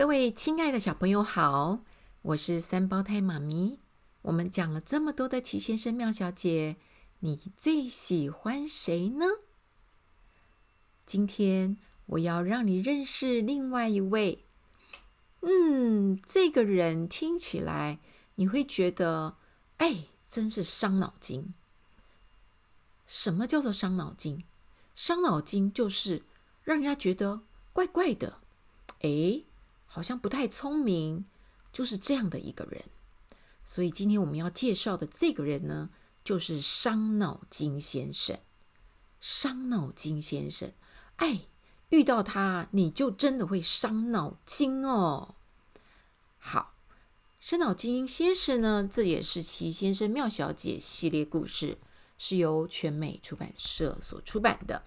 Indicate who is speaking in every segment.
Speaker 1: 各位親愛的小朋友好，我是三胞胎媽咪。我們講了這麼多的奇先生、妙小姐，你最喜歡誰呢？今天我要讓你認識另外一位。嗯，這個人聽起來你會覺得，哎，真是傷腦筋。什麼叫做傷腦筋？傷腦筋就是讓人家覺得怪怪的。哎。好像不太聰明，就是這樣的一個人。所以今天我們要介紹的這個人呢，就是傷腦筋先生。傷腦筋先生，哎，遇到他你就真的會傷腦筋哦。好，傷腦筋先生呢，這也是《奇先生妙小姐》系列故事，是由全美出版社所出版的。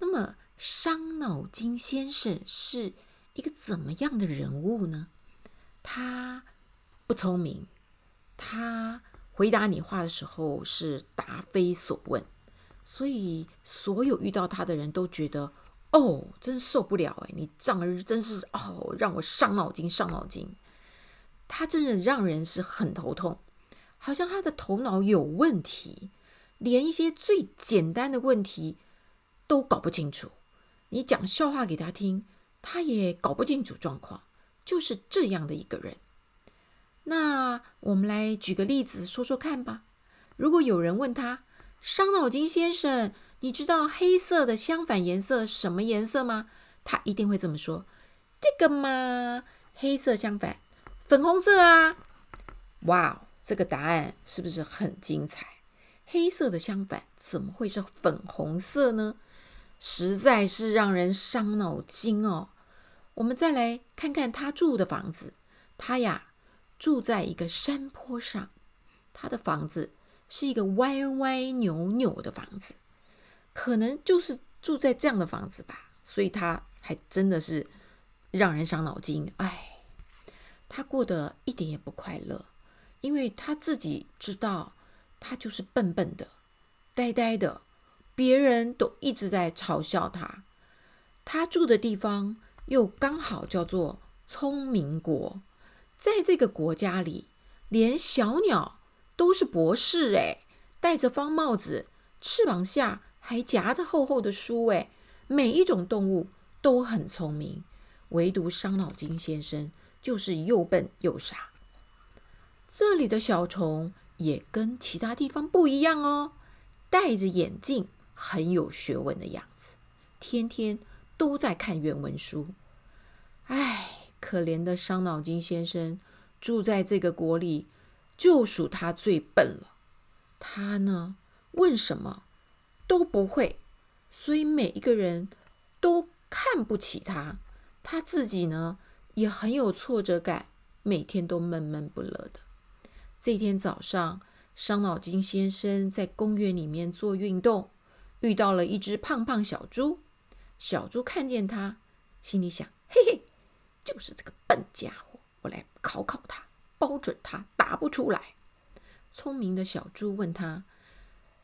Speaker 1: 那麼，傷腦筋先生是。一個怎麼樣的人物呢？他不聰明，他回答你話的時候是答非所問，所以所有遇到他的人都覺得，哦，真受不了誒，你這樣真是哦，讓我傷腦筋，傷腦筋。他真的讓人是很頭痛，好像他的頭腦有問題，連一些最簡單的問題都搞不清楚。你講笑話給他聽。他也搞不清楚狀況，就是這樣的一個人。那我們來舉個例子說說看吧。如果有人問他：“傷腦筋先生，你知道黑色的相反顏色什麼顏色嗎？”他一定會這麼說：“這個嘛？黑色相反，粉紅色啊！”哇，wow, 這個答案是不是很精彩？黑色的相反怎麼會是粉紅色呢？實在是讓人傷腦筋哦。我們再來看看他住的房子。他呀，住在一個山坡上，他的房子是一個歪歪扭扭的房子，可能就是住在這樣的房子吧。所以，他還真的是讓人傷腦筋。哎，他過得一點也不快樂，因為他自己知道，他就是笨笨的、呆呆的。別人都一直在嘲笑他，他住的地方又剛好叫做聰明國。在這個國家裡，連小鳥都是博士誒，戴着方帽子，翅膀下還夾着厚厚的書誒。每一種動物都很聰明，唯獨傷腦筋先生就是又笨又傻。這裡的小蟲也跟其他地方不一樣哦，戴着眼鏡。很有學問的樣子，天天都在看原文書。唉，可憐的傷腦筋先生住在這個國裡，就屬他最笨了。他呢，問什麼都不會，所以每一個人都看不起他。他自己呢，也很有挫折感，每天都悶悶不樂的。這天早上，傷腦筋先生在公園裡面做運動。遇到了一隻胖胖小豬，小豬看見他，心裡想：嘿嘿，就是這個笨家伙，我來考考他，包準他答不出來。聰明的小豬問他：“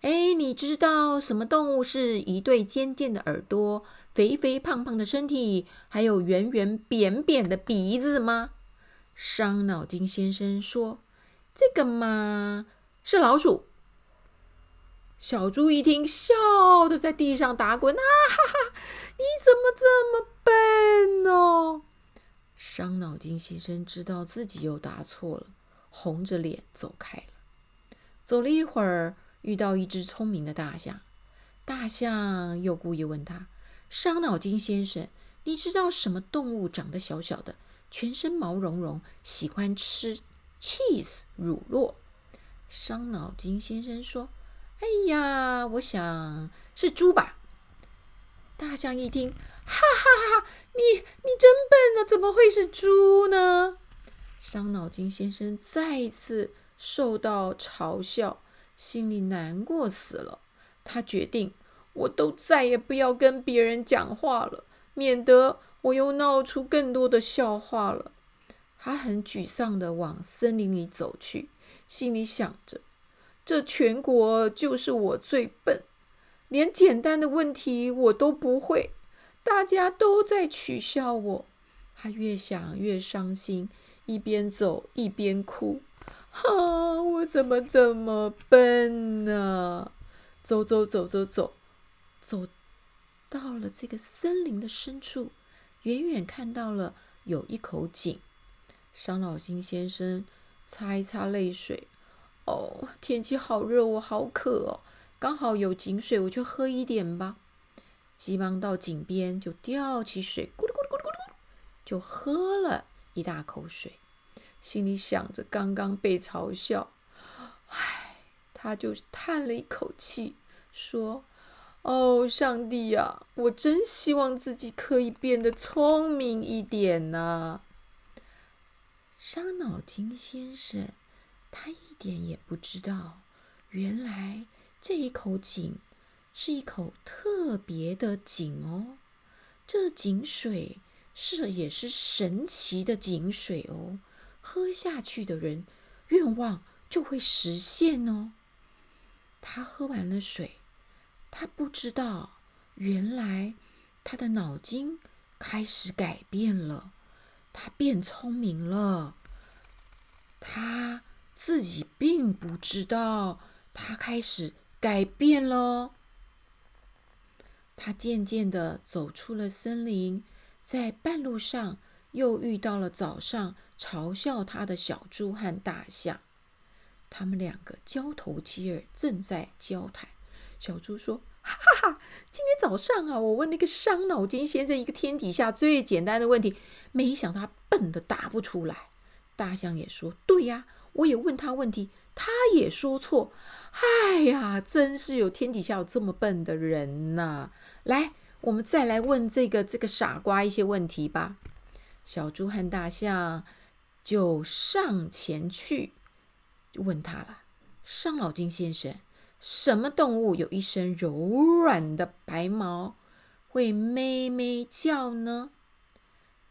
Speaker 1: 哎，你知道什麼動物是一對尖尖的耳朵、肥肥胖胖的身體，還有圓圓扁扁的鼻子嗎？”傷腦筋先生說：“這個嘛，是老鼠。”小豬一聽，笑得在地上打滾，啊哈哈，你怎麼這麼笨呢？傷腦筋先生知道自己又答錯了，紅着臉走開了。走了一會兒，遇到一只聰明的大象，大象又故意問他：“傷腦筋先生，你知道什麼動物長得小小的，全身毛茸茸，喜歡吃 cheese 乳酪？”傷腦筋先生說。哎呀，我想是豬吧！大象一聽，哈哈哈！你你真笨啊，怎麼會是豬呢？傷腦筋先生再一次受到嘲笑，心裡難過死了。他決定，我都再也不要跟別人講話了，免得我又鬧出更多的笑話了。他很沮喪的往森林裡走去，心裡想着，這全國就是我最笨，連簡單的問題我都不會，大家都在取笑我。他越想越傷心，一邊走一邊哭。哈、啊，我怎麼這麼笨呢？走走走走走，走到了這個森林的深處，遠遠看到了有一口井。傷腦筋先生擦一擦淚水。哦，天氣好熱，哦，我好渴哦。剛好有井水，我就喝一點吧。急忙到井邊，就吊起水，咕嚕咕嚕咕嚕咕嚕，就喝了一大口水。心裡想着剛剛被嘲笑，唉，他就嘆了一口氣，說：“哦，上帝呀、啊，我真希望自己可以變得聰明一點呢、啊。”傷腦筋先生。他一點也不知道，原來這一口井是一口特別的井哦。這井水是也是神奇的井水哦，喝下去的人願望就會實現哦。他喝完了水，他不知道，原來他的腦筋開始改變了，他變聰明了，他。自己並不知道，他開始改變了。他漸漸地走出了森林，在半路上又遇到了早上嘲笑他的小豬和大象。他們兩個交頭接耳，正在交談。小豬說：“哈哈哈，今天早上啊，我問那個傷腦筋先生一個天底下最簡單的問題，沒想到他笨得答不出來。”大象也說：“對呀、啊。”我也問他問題，他也說錯。哎呀，真是有天底下有這麼笨的人吶、啊！來，我們再來問這個這個傻瓜一些問題吧。小豬和大象就上前去問他了：“傷腦筋先生，什麼動物有一身柔軟的白毛，會咩咩叫呢？”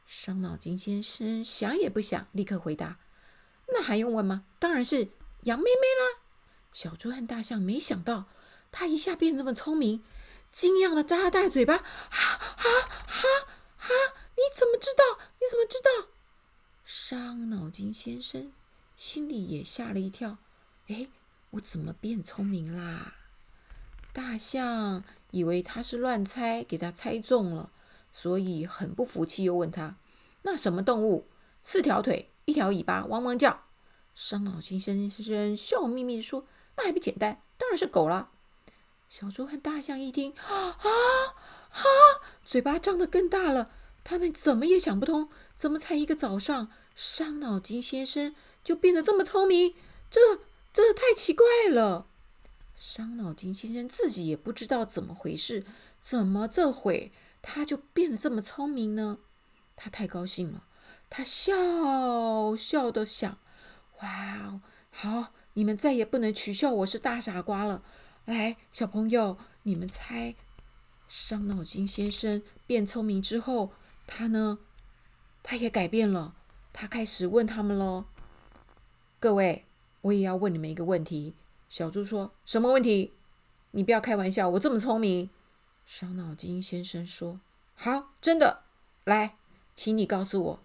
Speaker 1: 傷腦筋先生想也不想，立刻回答。那還用問嗎？當然是羊妹妹啦！小豬和大象沒想到它一下變這麼聰明，驚訝的張大嘴巴，哈哈哈，哈、啊啊啊、你怎麼知道？你怎麼知道？傷腦筋先生心裡也嚇了一跳，哎，我怎麼變聰明啦？大象以為他是亂猜，給他猜中了，所以很不服氣，又問他：那什麼動物？四條腿？一條尾巴汪汪叫，傷腦筋先生笑眯眯地說：“那還不簡單，當然是狗了。”小豬和大象一聽，啊啊，嘴巴張得更大了。他們怎麼也想不通，怎麼才一個早上，傷腦筋先生就變得這麼聰明？這這太奇怪了。傷腦筋先生自己也不知道怎麼回事，怎麼這回他就變得這麼聰明呢？他太高興了。他笑笑的想：“哇，好，你們再也不能取笑我是大傻瓜了。”來，小朋友，你們猜，傷腦筋先生變聰明之後，他呢？他也改變了，他開始問他們嘍。各位，我也要問你們一個問題。小豬說：什麼問題？你不要開玩笑，我這麼聰明。傷腦筋先生說：“好，真的，來，請你告訴我。”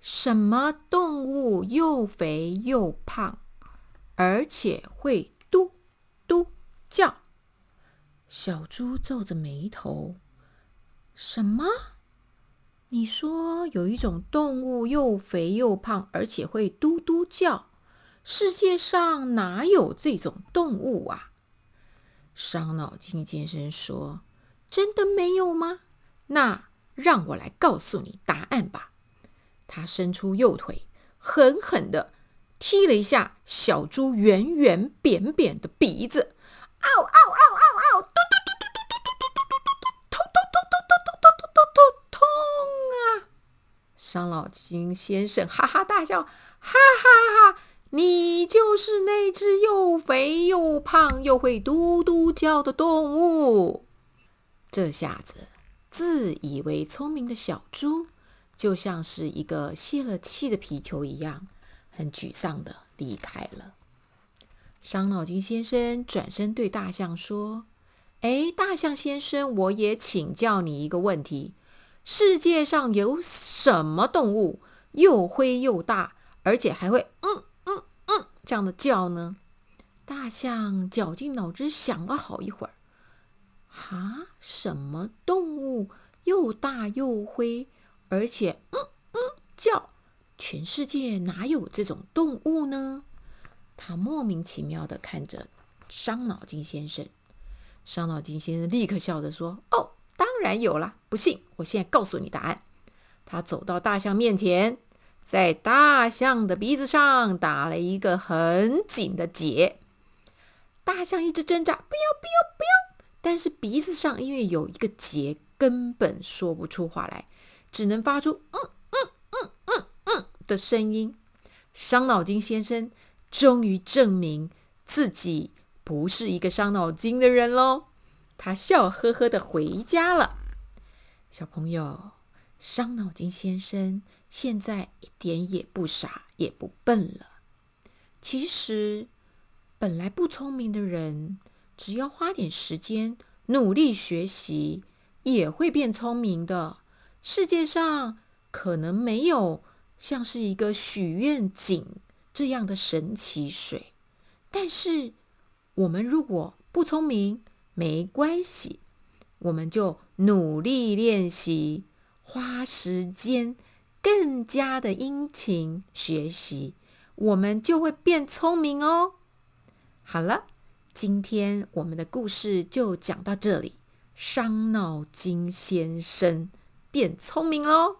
Speaker 1: 什麼動物又肥又胖，而且會嘟嘟叫？小豬皺着眉頭：“什麼？你說有一種動物又肥又胖，而且會嘟嘟叫？世界上哪有這種動物啊？”傷腦筋先生說：“真的沒有嗎？那讓我來告訴你答案吧。”他伸出右腿，狠狠地踢了一下小豬圓圓扁扁的鼻子，嗷嗷嗷嗷嗷！嘟嘟嘟嘟嘟嘟嘟嘟嘟嘟，痛痛痛痛痛痛痛痛痛痛痛！痛啊！傷腦筋先生哈哈，哈，哈大笑，哈，哈哈哈！你就是那隻又肥又胖又會嘟嘟叫的動物。這下子，自以為聰明的小豬。就像是一個洩了氣的皮球一樣，很沮喪的離開了。傷腦筋先生轉身對大象說：“誒，大象先生，我也請教你一個問題：世界上有什麼動物又灰又大，而且還會嗯‘嗯嗯嗯’這樣的叫呢？”大象絞盡腦汁想了好一會兒：“啊，什麼動物又大又灰？”而且，嗯嗯叫，全世界哪有這種動物呢？他莫名其妙的看着傷腦筋先生，傷腦筋先生立刻笑着說：“哦，當然有啦，不信，我現在告訴你答案。”他走到大象面前，在大象的鼻子上打了一個很緊的結。大象一直掙扎，不要，不要，不要，但是鼻子上因為有一個結，根本說不出話來。只能發出嗯“嗯嗯嗯嗯嗯”的聲音。傷腦筋先生終於證明自己不是一個傷腦筋的人嘍。他笑呵呵的回家了。小朋友，傷腦筋先生現在一點也不傻，也不笨了。其實，本來不聰明的人，只要花點時間努力學習，也會變聰明的。世界上可能沒有像是一個許願井這樣的神奇水，但是我們如果不聰明，沒關係，我們就努力練習，花時間更加的殷勤學習，我們就會變聰明哦。好了，今天我們的故事就講到這裡，傷腦筋先生變聰明嘍！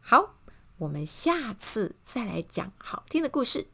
Speaker 1: 好，我們下次再來講好聽的故事。